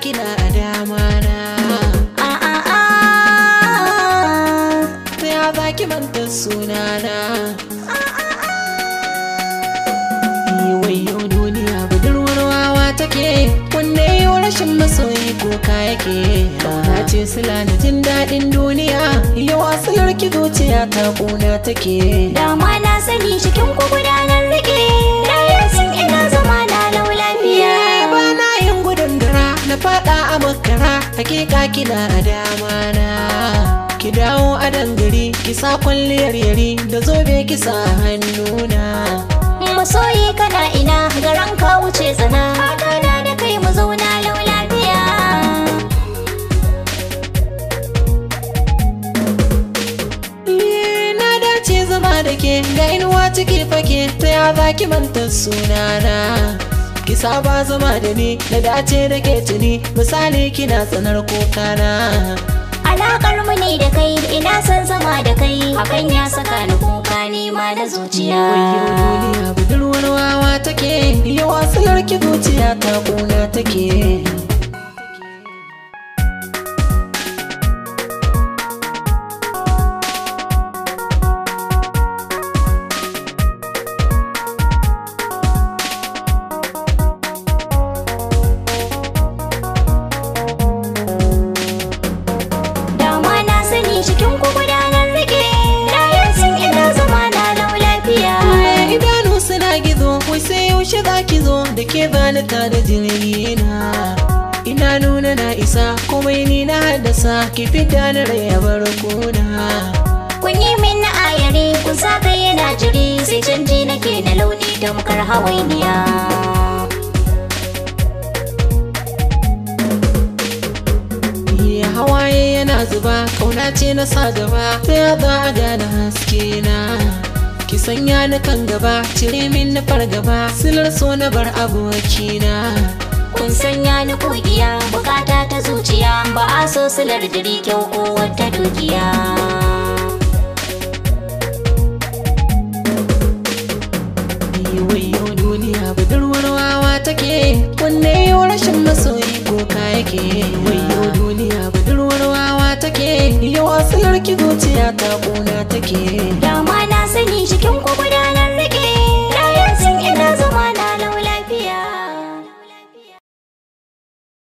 kina a dama na a a a ya baki manta sunana a a eh, a wayo duniya budurwar wawa take wanda yau rashin masoyi kuka yake kauna ce sila na jin daɗin duniya yau asalar ki zuciya ta ƙuna take dama na sani cikin ku gudanar rike a makara hakika kina a dama na ki dawo a dangare ki sa kwalliyar yari da zobe ki sa hannuna masoyi kana ina garan ka wuce tsana fata da kai mu zauna lau lafiya eh, na dace zama da ke ga inuwa ciki fake ta ya za ki manta sunana isa saba zama da ni da dace da ke tuni misali kina tsanar kuka alakar mu ne da kai ina san zama da kai hakan ya saka ni kuka ni ma na zuciya duniya budurwar wawa take yawa sayar ki zuciya ta kuna take yaushe za ki zo da ke bani da jini ina nuna na isa komai ni na haddasa ki fita na rai a bar kuna kun yi min na ayare kun saka yana jiri sai canji nake da launi tamkar hawainiya hawaye yana zuba kauna ce na sa gaba sai ya za da haske na ki sanya ni kan gaba cire min na fargaba silar so na bar abokina kun sanya ni kogiya bukata ta zuciya ba a so silar diri kyau ko wata dukiya take wayo duniya budurwar wawa take yau asirar ki zuciya ta kuna take dama